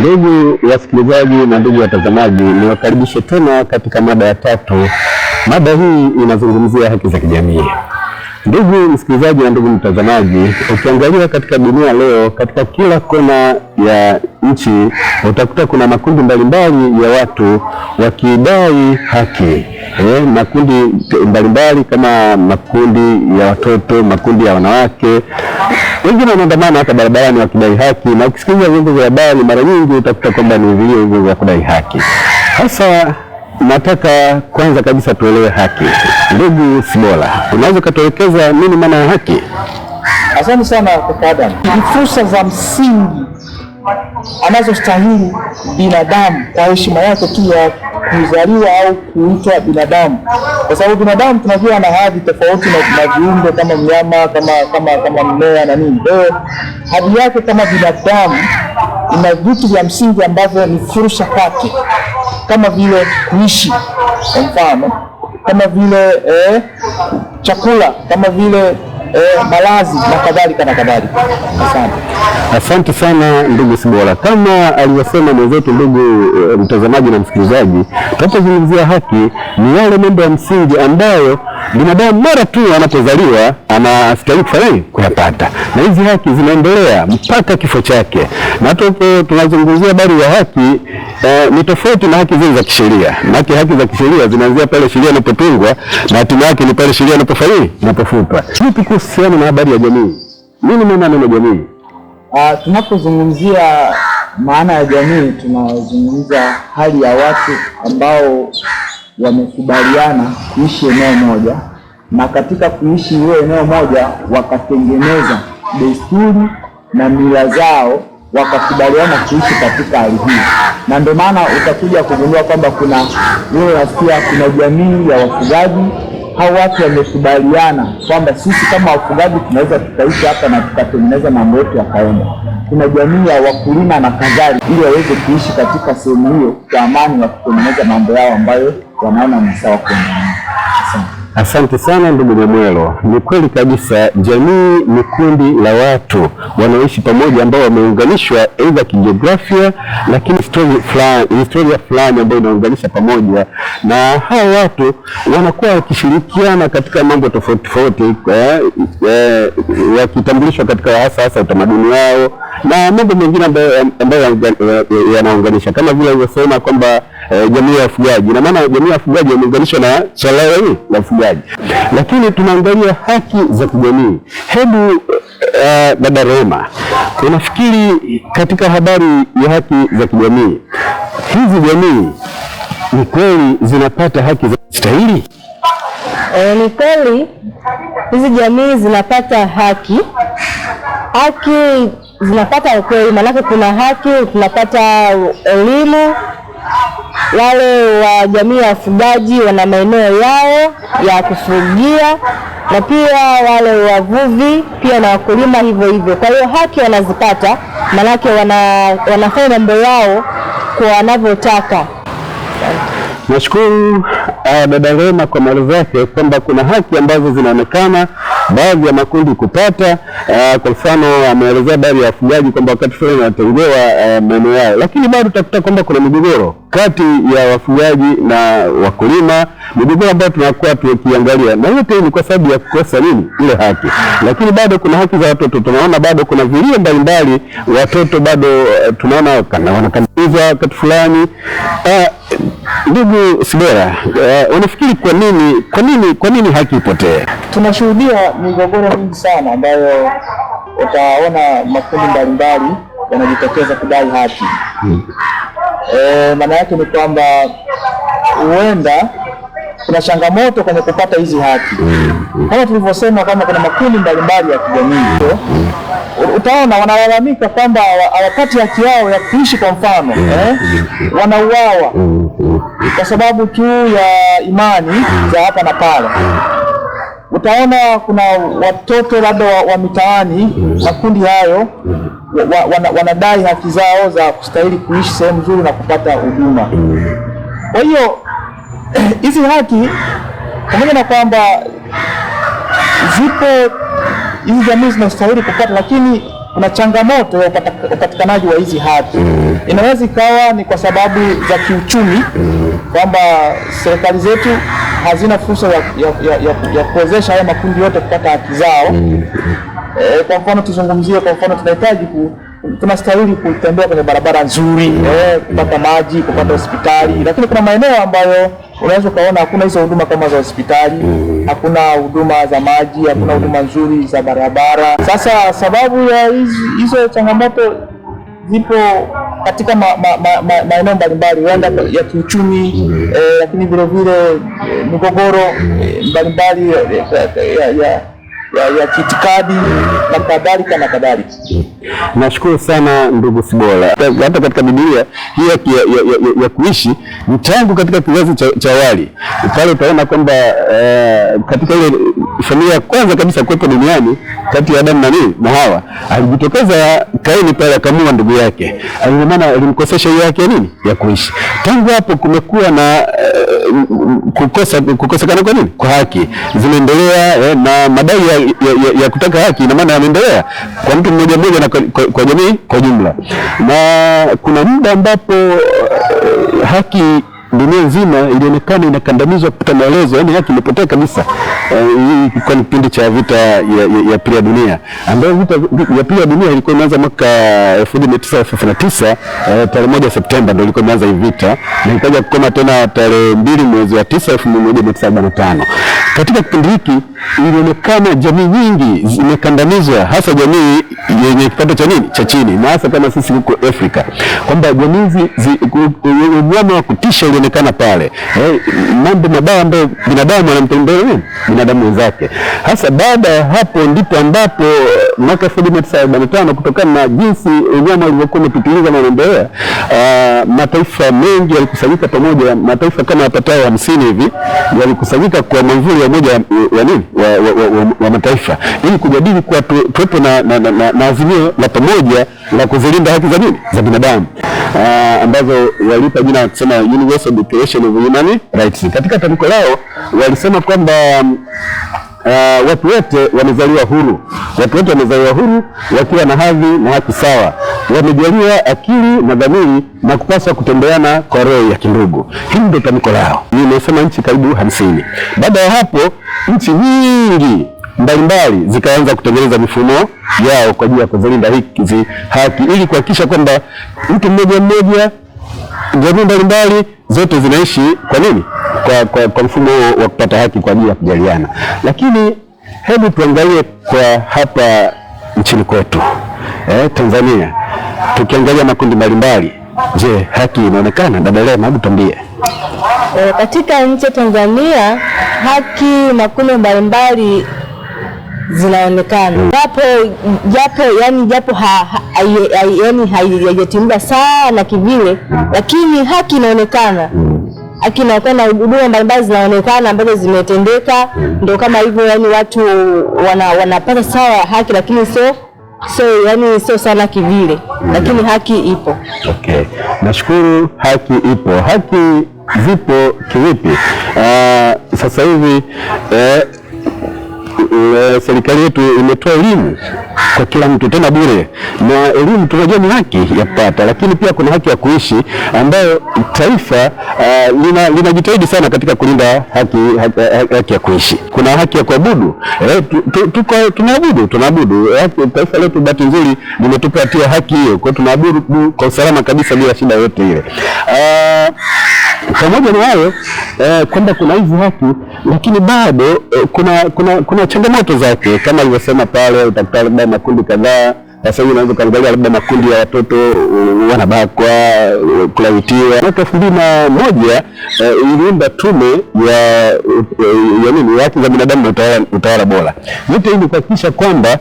Ndugu wasikilizaji na ndugu watazamaji, niwakaribishe tena katika mada ya tatu. Mada hii inazungumzia haki za kijamii. Ndugu msikilizaji na ndugu mtazamaji, ukiangalia katika dunia leo, katika kila kona ya nchi utakuta kuna makundi mbalimbali ya watu wakidai haki eh, makundi mbalimbali kama makundi ya watoto, makundi ya wanawake, wengine wanaandamana hata barabarani wakidai haki, na ukisikiliza vyombo vya habari mara nyingi utakuta kwamba ni vile hivyo vya kudai haki. Sasa nataka kwanza kabisa tuelewe haki Ndugu Sibola, unaweza ukatuelekeza nini maana ya haki? Asante sana kaka Adam. Ni fursa za msingi anazostahili binadamu kwa heshima yake tu ya kuzaliwa au kuitwa binadamu, kwa sababu binadamu tunakuwa na hadhi tofauti na viumbe kama mnyama, kama kama kama mmea na nini. Kwa hiyo hadhi yake kama binadamu ina vitu vya msingi ambavyo ni fursa kwake, kama vile kuishi, kwa mfano kama vile eh, chakula kama vile eh, malazi na kadhalika na kadhalika. Asante, asante sana ndugu Sibola. Kama aliyosema mwenzetu ndugu eh, mtazamaji na msikilizaji, tunapozungumzia haki ni yale mambo ya msingi ambayo Binadamu mara tu anapozaliwa anastahili kufanya Kuyapata, na hizi haki zinaendelea mpaka kifo chake. Na hata huko tunazungumzia habari ya haki e, ni tofauti na haki zile za kisheria, maana haki za kisheria zinaanzia pale sheria inapotungwa na hatima yake ni pale sheria inapofanyi inapofutwa. Vipi kuhusiana na habari ya jamii? Nini maana neno jamii? Uh, tunapozungumzia maana ya jamii tunazungumza hali ya watu ambao wamekubaliana kuishi eneo moja, na katika kuishi hiyo eneo moja wakatengeneza desturi na mila zao, wakakubaliana kuishi katika hali hii, na ndio maana utakuja kugundua kwamba kuna leo pia kuna jamii ya wafugaji hao watu wamekubaliana kwamba sisi kama wafugaji tunaweza tukaishi hapa na tukatengeneza mambo yetu yakaenda. Kuna jamii ya wakulima na kadhalika, ili waweze kuishi katika sehemu hiyo kwa amani, na kutengeneza mambo yao ambayo wanaona ni sawa kuendelea. Asante sana ndugu Nyamwelo, ni kweli kabisa. Jamii ni kundi la watu wanaoishi pamoja ambao wameunganishwa aidha kijiografia, lakini historia fulani ambayo inaunganisha pamoja, na hawa watu wanakuwa wakishirikiana katika mambo tofauti tofauti, eh, eh, wakitambulishwa katika hasa hasa utamaduni wao na mambo mengine ambayo yanaunganisha, kama vile alivyosema kwamba eh, jamii ya wafugaji. Na maana jamii ya wafugaji imeunganishwa na swala la ufugaji, lakini tunaangalia haki za kijamii. Hebu eh, dada uh, Roma, unafikiri katika habari ya haki za kijamii hizi jamii ni kweli zinapata haki za stahili? E, eh, ni kweli hizi jamii zinapata haki haki zinapata ukweli, maanake kuna haki tunapata elimu wale wa jamii ya wafugaji wana maeneo yao ya kufugia, na pia wale wavuvi pia na wakulima hivyo hivyo. Kwa hiyo haki wanazipata, maanake wana, wanafanya mambo yao kwa wanavyotaka. Nashukuru uh, dada Rema kwa maelezo yake kwamba kuna haki ambazo zinaonekana baadhi ya makundi kupata. Uh, kwa mfano ameelezea baadhi ya wafugaji kwamba wakati fulani wanatengewa uh, ah, maeneo yao, lakini bado utakuta kwamba kuna migogoro kati ya wafugaji na wakulima, migogoro ambayo tunakuwa tukiangalia, na yote ni kwa sababu ya kukosa nini, ile haki. Lakini bado kuna haki za watoto, tunaona bado kuna vilio mbalimbali, watoto bado uh, tunaona wanakandamizwa wakati fulani uh, Ndugu Sibera, eh, unafikiri kwa nini kwa nini kwa nini haki ipotee? Tunashuhudia migogoro mingi sana ambayo utaona makundi mbalimbali yanajitokeza kudai haki hmm. E, maana yake ni kwamba huenda kuna changamoto kwenye kupata hizi haki hmm. hmm. Kama tulivyosema kama kuna makundi mbalimbali ya kijamii hmm, hmm. utaona wanalalamika kwamba hawapati haki yao ya kuishi, kwa mfano eh, wanauawa kwa sababu tu ya imani za hapa na pale. Utaona kuna watoto labda wa, wa mitaani, makundi hayo wanadai wa, haki zao za kustahili kuishi sehemu nzuri na kupata huduma. Kwa hiyo hizi haki pamoja na kwamba zipo hizi jamii zinastahili kupata, lakini kuna changamoto ya upatikanaji wa hizi mm. Inaweza ikawa ni kwa sababu za kiuchumi, mm. kwamba serikali zetu hazina fursa ya, ya, ya, ya kuwezesha haya makundi yote kupata haki zao. E, kwa mfano tuzungumzie, kwa mfano tunahitaji ku tunastahili kutembea kwenye barabara nzuri, mm. eh, kupata maji, kupata hospitali, lakini kuna maeneo ambayo unaweza ukaona hakuna hizo huduma kama za hospitali mm. hakuna huduma za maji, hakuna mm. huduma mm. nzuri za barabara. Sasa sababu ya hizo changamoto zipo katika maeneo mbalimbali huenda mm. ya kiuchumi mm. eh, lakini vilevile vile eh, migogoro mm. eh, mbalimbali eh, ya, ya, ya ya, ya kitikadi na kadhalika na kadhalika. Nashukuru sana ndugu Sibola. Hata katika Biblia hii ya, ya, ya, ya kuishi ni tangu katika kizazi cha awali pale, utaona kwamba uh, katika ile familia ya kwanza kabisa kuwepo duniani kati ya Adamu na nini na Hawa, alijitokeza Kaini pale akamua ndugu yake, maana alimkosesha hiyo yake nini ya kuishi. Tangu hapo kumekuwa na uh, kukosa kukosekana kwa nini kwa haki zimeendelea eh, na madai ya, ya, ya, ya kutaka haki ina maana yameendelea kwa mtu mmoja mmoja na kwa, kwa, kwa jamii kwa jumla, na kuna muda ambapo eh, haki dunia nzima ilionekana inakandamizwa kupita maelezo, yani haki imepotea kabisa. Uh, kwa kipindi cha vita ya, ya, ya pili ya dunia ambayo vita ya pili ya dunia ilikuwa imeanza mwaka 1939 uh, eh, tarehe moja Septemba ndio ilikuwa imeanza hii vita na ikaja kukoma tena tarehe mbili mwezi wa 9 1945. Katika kipindi hiki ilionekana jamii nyingi zimekandamizwa, hasa jamii yenye kipato cha nini cha chini, na hasa kama sisi huko Afrika, kwamba jamii unyama wa kutisha ulionekana pale, eh, mambo mabaya ambayo binadamu anamtendea binadamu wenzake. Hasa baada ya hapo ndipo ambapo eh, mwaka 1945 kutokana na jinsi unyama ulivyokuwa umepitiliza na unaendelea, ah, mataifa mengi yalikusanyika pamoja, mataifa kama yapatayo hamsini hivi yalikusanyika kwa mwamvuli ya umoja ya nini wa, wa, wa, wa, wa mataifa ili kujadili kuwa tuwepo na, na, na, na, na azimio la pamoja la kuzilinda haki za nini za binadamu uh, ambazo walipa jina kusema Universal Declaration of Human Rights. Katika tamko lao walisema kwamba um, Uh, watu wote wamezaliwa huru, watu wote wamezaliwa huru wakiwa na hadhi na haki sawa, wamejaliwa akili na dhamiri na kupaswa kutembeana kwa roho ya kindugu. Hili ndio tamko lao. Nimesema nchi karibu hamsini. Baada ya hapo nchi nyingi mbalimbali zikaanza kutengeneza mifumo yao kwa ajili ya kuzilinda hizi haki ili kuhakikisha kwamba mtu mmoja mmoja jamii mbalimbali zote zinaishi kwa nini, kwa, kwa, kwa mfumo wa kupata haki kwa ajili ya kujaliana. Lakini hebu tuangalie kwa hapa nchini kwetu eh, Tanzania, tukiangalia makundi mbalimbali, je, haki inaonekana? Dada Lema, hebu tuambie. E, katika nchi ya Tanzania haki makundi mbalimbali zinaonekana japo japo yani japo yani haijatimba sana kivile, lakini haki inaonekana haki inaonekana, huduma mbalimbali zinaonekana ambazo zimetendeka. Ndio kama hivyo, yani watu wanapata sawa haki, lakini sio so yani sio sana kivile, lakini haki ipo. Okay, nashukuru. Haki ipo, haki zipo kivipi? Uh, sasa hivi eh, Eh, serikali yetu imetoa elimu kwa kila mtu tena bure, na elimu tunajua ni haki ya kupata, lakini pia kuna haki ya kuishi ambayo taifa uh, linajitahidi lina sana katika kulinda haki, haki, haki, ya kuishi. Kuna haki ya kuabudu eh, tunaabudu tunaabudu. Eh, taifa letu bahati nzuri limetupatia haki hiyo, kwa tunaabudu kwa usalama kabisa bila shida yoyote ile uh, pamoja na hayo eh, kwamba kuna hivyo hapo, lakini bado eh, kuna, kuna, kuna changamoto zake kama alivyosema pale, utakuta labda makundi kadhaa sasa hivi unaweza kuangalia labda makundi ya watoto eh, wanabakwa, eh, kulawitiwa. Mwaka elfu mbili na moja eh, iliunda tume ya ya nini, haki za binadamu na utawala bora. Yote hii ni kuhakikisha kwamba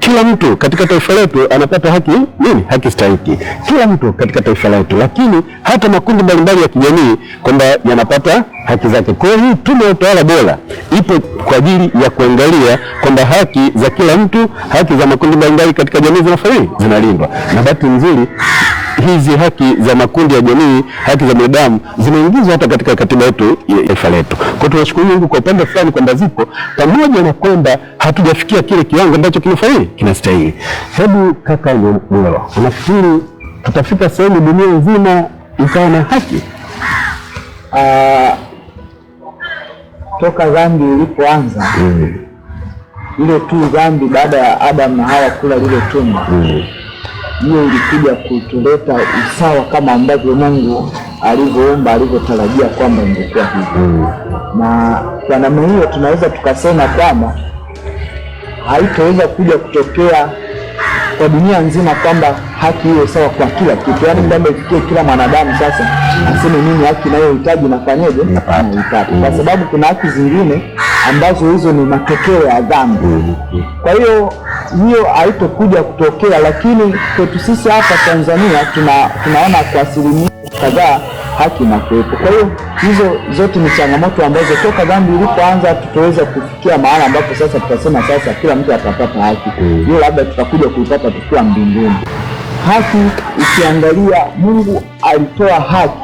kila mtu katika taifa letu anapata haki nini, haki stahiki, kila mtu katika taifa letu, lakini hata makundi mbalimbali ya kijamii kwamba yanapata haki zake. Kwa hiyo hii tume ya utawala bora ipo kwa ajili ya kuangalia kwamba haki za kila mtu, haki za makundi mbalimbali katika jamii zinafanya zinalindwa, na bahati nzuri hizi haki za makundi ya jamii, haki za binadamu zimeingizwa hata katika katiba yetu ya taifa letu. Kwa hiyo tunashukuru Mungu kwa upande fulani kwamba zipo, pamoja na kwamba hatujafikia kile kiwango ambacho kinafai kinastahili. Hebu kaka Luelwa, unafikiri tutafika sehemu dunia nzima ikawa na haki? Uh, toka dhambi ilipoanza mm. Ile tu dhambi baada ya Adam na Hawa kula lile tunda mm hiyo ilikuja kutuleta usawa kama ambavyo Mungu alivyoomba alivyotarajia kwamba ingekuwa hivyo, mm. na kwa namna hiyo tunaweza tukasema kwamba haitoweza kuja kutokea kwa dunia nzima kwamba haki hiyo sawa kwa kila kitu, yaani kwamba ifikie kila mwanadamu. Sasa aseme mimi haki inayohitaji nafanyeje, naipata, kwa mm. sababu kuna haki zingine ambazo hizo ni matokeo ya dhambi. Mm. Kwa hiyo hiyo haitokuja kutokea, lakini kwetu sisi hapa Tanzania tuna, tunaona kwa asilimia kadhaa haki inakuwepo. Kwa hiyo hizo zote ni changamoto ambazo toka dhambi ilipoanza tutaweza kufikia mahala ambapo sasa tutasema sasa kila mtu atapata haki mm. hiyo, mm. labda tutakuja kuipata tukiwa mbinguni. Haki ukiangalia, Mungu alitoa haki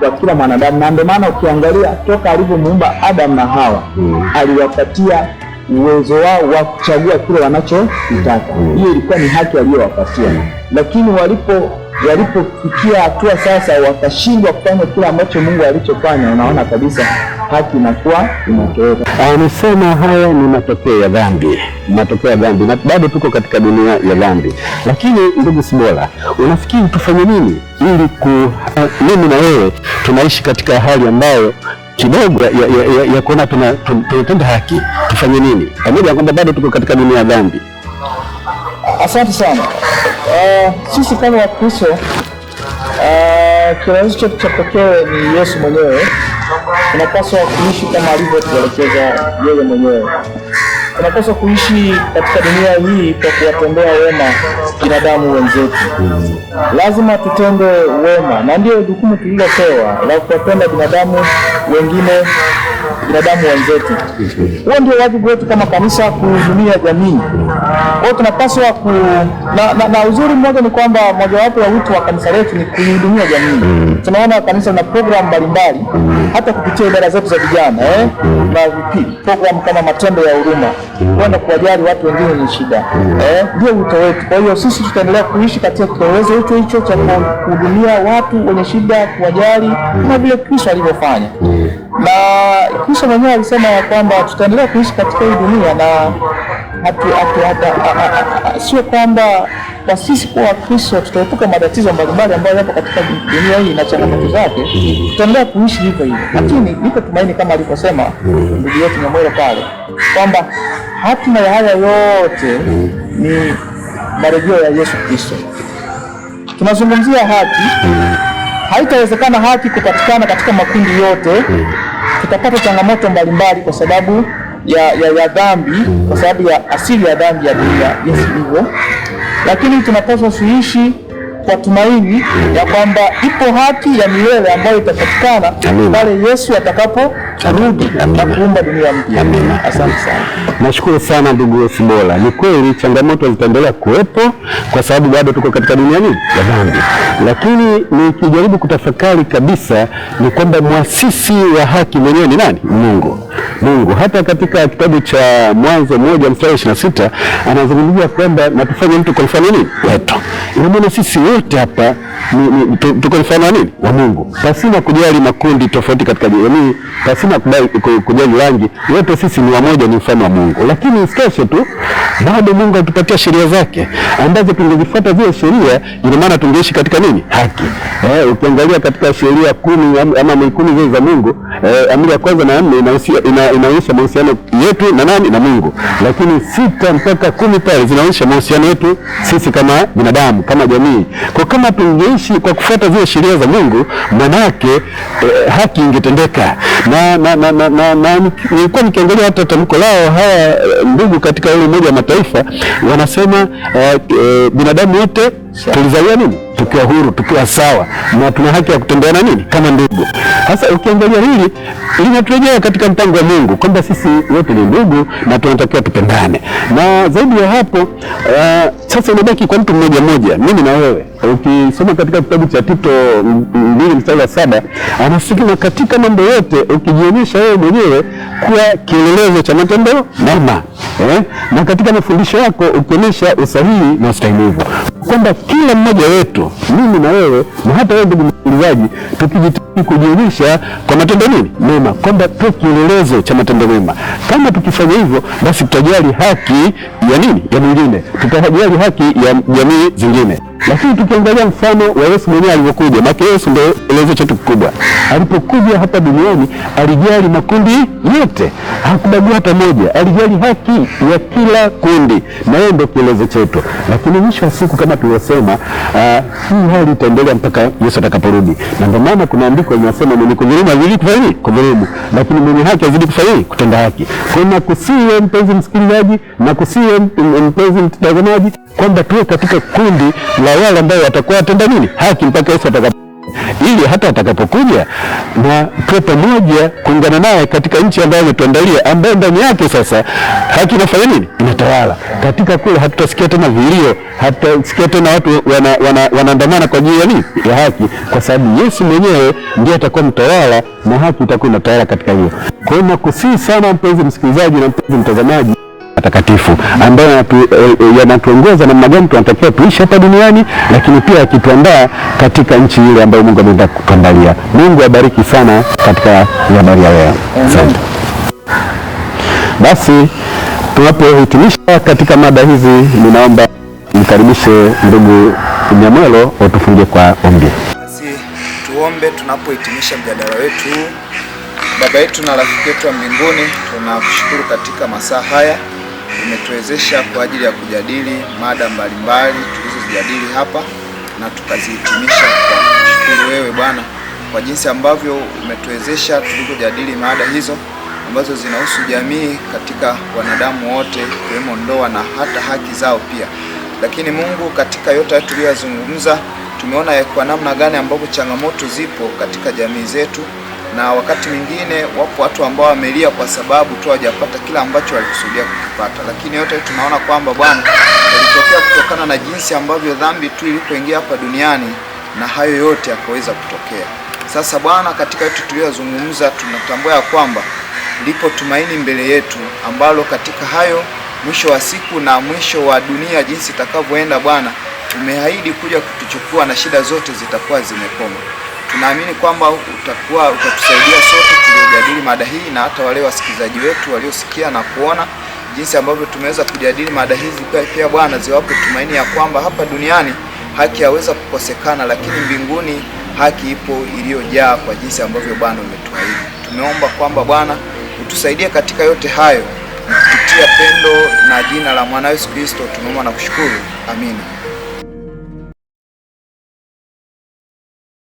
kwa kila mwanadamu, na ndio maana ukiangalia toka alivyomuumba Adamu na Hawa mm. aliwapatia uwezo wao wa kuchagua kile wanachotaka. Mm. Hiyo ilikuwa ni haki aliyowapatia, mm. lakini walipo walipofikia hatua sasa wakashindwa kufanya kile ambacho Mungu alichofanya, unaona kabisa haki inakuwa inatoweka. Amesema haya ni matokeo ya dhambi, matokeo ya dhambi, na bado tuko katika dunia ya dhambi. Lakini ndugu Sibola, unafikiri tufanye nini ili ku, mimi na wewe tunaishi katika hali ambayo kidogo ya, ya, ya, ya kuona tunatenda haki, tufanye nini, pamoja na kwamba bado tuko katika dunia ya dhambi. Asante sana. Uh, sisi kama Wakristo uh, eh, kielelezo chetu cha pekee ni Yesu mwenyewe. Tunapaswa kuishi kama alivyotuelekeza yeye mwenyewe tunapaswa kuishi katika dunia hii kwa kuwatendea wema binadamu wenzetu. Lazima tutende wema, na ndiyo jukumu tulilopewa la kuwapenda binadamu wengine binadamu wenzetu. Huo ndio wajibu wetu kama kanisa kuhudumia jamii. Kwa hiyo tunapaswa ku na, na, na uzuri mmoja ni kwamba mojawapo ya wito wa kanisa letu ni kuihudumia jamii. Tunaona kanisa na programu mbalimbali hata kupitia idara zetu za vijana eh, na vipi programu kama matendo ya huruma kwenda kuwajali watu wengine ni shida eh, ndio wito wetu. Kwa hiyo sisi tutaendelea kuishi katika kitoelezo hicho hicho cha kuhudumia watu wenye shida, kuwajali kama vile Kristo alivyofanya na Kristo mwenyewe alisema ya kwamba tutaendelea kuishi katika hii dunia na sio kwamba kwa sisi kuwa Wakristo tutaepuka matatizo mbalimbali ambayo yapo katika dunia hii na changamoto zake, tutaendelea kuishi hivyo hivyo, lakini niko tumaini kama alivyosema ndugu yetu Nyamwero pale kwamba hatima ya haya yote ni marejeo ya Yesu Kristo. Tunazungumzia haki haitawezekana haki kupatikana katika makundi yote mm. tutapata changamoto mbalimbali kwa sababu ya, ya, ya dhambi mm. kwa sababu ya asili ya dhambi ya dunia jinsi hivyo lakini tunapaswa suishi kwa tumaini mm. ya hmm. kwamba ipo haki ya milele ambayo itapatikana pale Yesu atakapo tarudi na dunia mpya. Asante sana, nashukuru sana ndugu Wesibola. Ni kweli changamoto zitaendelea kuwepo kwa sababu bado tuko katika dunia nini ya dhambi, lakini nikijaribu kutafakari kabisa ni kwamba mwasisi wa haki mwenyewe ni nani? Mungu. Mungu hata katika kitabu cha Mwanzo moja mstari ishirini na sita anazungumzia kwamba natufanye mtu kwa mfano nini wetu. Ina maana sisi wote hapa tuko mfano wa nini wa Mungu, pasina kujali makundi tofauti katika jamii, pasina sina kujali rangi, wote sisi ni wamoja, ni mfano wa Mungu. Lakini isitoshe tu bado Mungu atupatia sheria zake ambazo tungezifuata zile sheria, ina maana tungeishi katika nini? Haki. Eh, ukiangalia katika sheria kumi ama amri kumi zile za Mungu, eh, amri ya kwanza na nne inaonyesha mahusiano yetu na nani? Na Mungu. Lakini sita mpaka kumi pale zinaonyesha mahusiano yetu sisi kama binadamu, kama jamii. Kwa kama tungeishi kwa kufuata zile sheria za Mungu, manake eh, haki ingetendeka na na, na, nilikuwa nikiangalia hata tamko lao hawa ndugu katika ule Umoja wa Mataifa wanasema uh, uh, binadamu wote tulizalia nini? Tukiwa huru, tukiwa sawa, na tuna haki ya kutembea na nini kama ndugu. Sasa ukiangalia hili linaturejea katika mpango wa Mungu kwamba sisi wote ni ndugu na tunatakiwa tupendane, na zaidi ya hapo uh, sasa inabaki kwa mtu mmoja mmoja, mimi na wewe. Ukisoma katika kitabu cha Tito mbili mstari wa saba anasema katika mambo yote ukijionyesha wewe mwenyewe kuwa kielelezo cha matendo mema eh, na katika mafundisho yako ukionyesha usahihi na ustahimilivu kwamba kila mmoja wetu, mimi na wewe na hata wewe ndugu msikilizaji, tukijitahidi kujionyesha kwa matendo nini mema, kwamba tu kielelezo cha matendo mema. Kama tukifanya hivyo, basi tutajali haki ya nini ya mwingine, tutajali haki ya jamii zingine. Lakini tukiangalia mfano wa Yesu mwenyewe alivyokuja, maana Yesu ndio elezo chetu kikubwa. Alipokuja hapa duniani alijali makundi yote, hakubagua hata moja, alijali haki ya kila kundi, na yeye ndio kielezo chetu. Lakini mwisho wa siku, kama tulivyosema, ah, hii hali itaendelea mpaka Yesu atakaporudi, na ndio maana kuna andiko linasema, mwenye kudhulumu azidi kufanya kudhulumu, lakini mwenye haki azidi kufanya kutenda haki. Kwa na kusiwe, mpenzi msikilizaji, na kusiwe, mpenzi mtazamaji, kwamba tuwe katika kundi la wale ambao watakuwa watenda nini haki mpaka Yesu atakapo ili hata atakapokuja na tuwe pamoja kuungana naye katika nchi ambayo ametuandalia, ambayo ndani yake sasa haki inafanya nini? Inatawala. Katika kule hatutasikia tena vilio, hatutasikia tena watu wanaandamana wana, wana kwa ajili ya nini? Ya haki, kwa sababu Yesu mwenyewe ndiye atakuwa mtawala na haki itakuwa inatawala katika hiyo. Kwa hiyo nakusii sana mpenzi msikilizaji na mpenzi mtazamaji takatifu ambayo eh, eh, yanatuongoza namna gani tunatakiwa tuishi hapa duniani, lakini pia yakituandaa katika nchi ile ambayo Mungu ameenda kutuandalia. Mungu abariki sana katika habari ya leo. Asante. Basi tunapohitimisha katika mada hizi, ninaomba mkaribishe ndugu nyamwelo watufungie kwa ombi. Basi tuombe tunapohitimisha mjadala wetu. Baba yetu na rafiki yetu wa mbinguni, tunakushukuru katika masaa haya imetuwezesha kwa ajili ya kujadili mada mbalimbali tulizozijadili hapa na tukazihitimisha kwa kushukuru wewe Bwana kwa jinsi ambavyo umetuwezesha tulipojadili mada hizo ambazo zinahusu jamii katika wanadamu wote ikiwemo ndoa na hata haki zao pia. Lakini Mungu, katika yote tuliyozungumza, tumeona kwa namna gani ambapo changamoto zipo katika jamii zetu na wakati mwingine wapo watu ambao wamelia kwa sababu tu hawajapata kila ambacho walikusudia kukipata, lakini yote tunaona kwamba Bwana yalitokea kutokana na jinsi ambavyo dhambi tu ilipoingia hapa duniani, na hayo yote yakaweza kutokea. Sasa Bwana, katika yote tuliyozungumza, tunatambua ya kwamba lipo tumaini mbele yetu ambalo katika hayo mwisho wa siku na mwisho wa dunia jinsi itakavyoenda, Bwana umeahidi kuja kutuchukua na shida zote zitakuwa zimekoma. Tunaamini kwamba utakuwa utatusaidia sote tuliojadili mada hii na hata wale wasikilizaji wetu waliosikia na kuona jinsi ambavyo tumeweza kujadili mada hizi, pia Bwana ziwape tumaini ya kwamba hapa duniani haki yaweza kukosekana, lakini mbinguni haki ipo iliyojaa, kwa jinsi ambavyo Bwana umetuahidi. Tumeomba kwamba Bwana utusaidie katika yote hayo, kupitia pendo na jina la mwana Yesu Kristo tunaomba na kushukuru, amina.